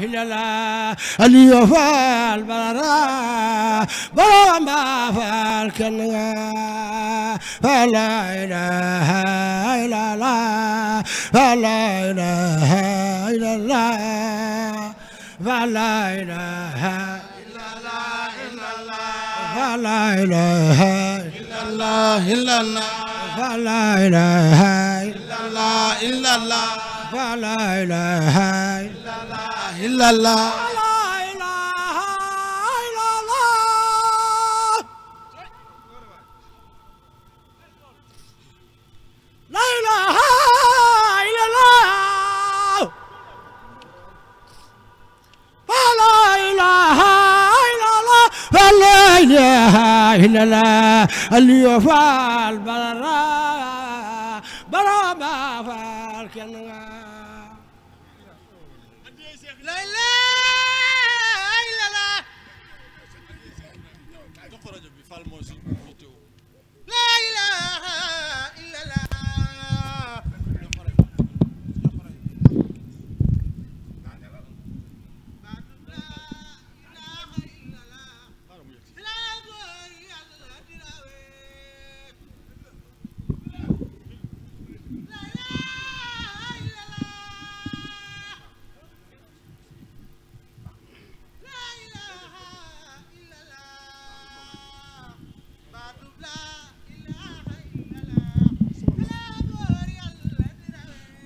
hilala aliyo faal barara baramba faal kennga fala ilaha ilala fala ilaha ilala fala ilaha ilala fala ilaha ilala fala ilaha ilala fala ilaha ilala إلا الله لا إله إلا الله لا إله إلا الله فلا إله إلا الله فلا إله إلا الله اليوفى البرا برا ما فالكنغا la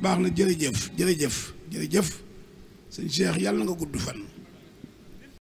baax na jërëjëf jërëjëf jërëjëf sëñ Cheikh yàlla na nga gudd fan.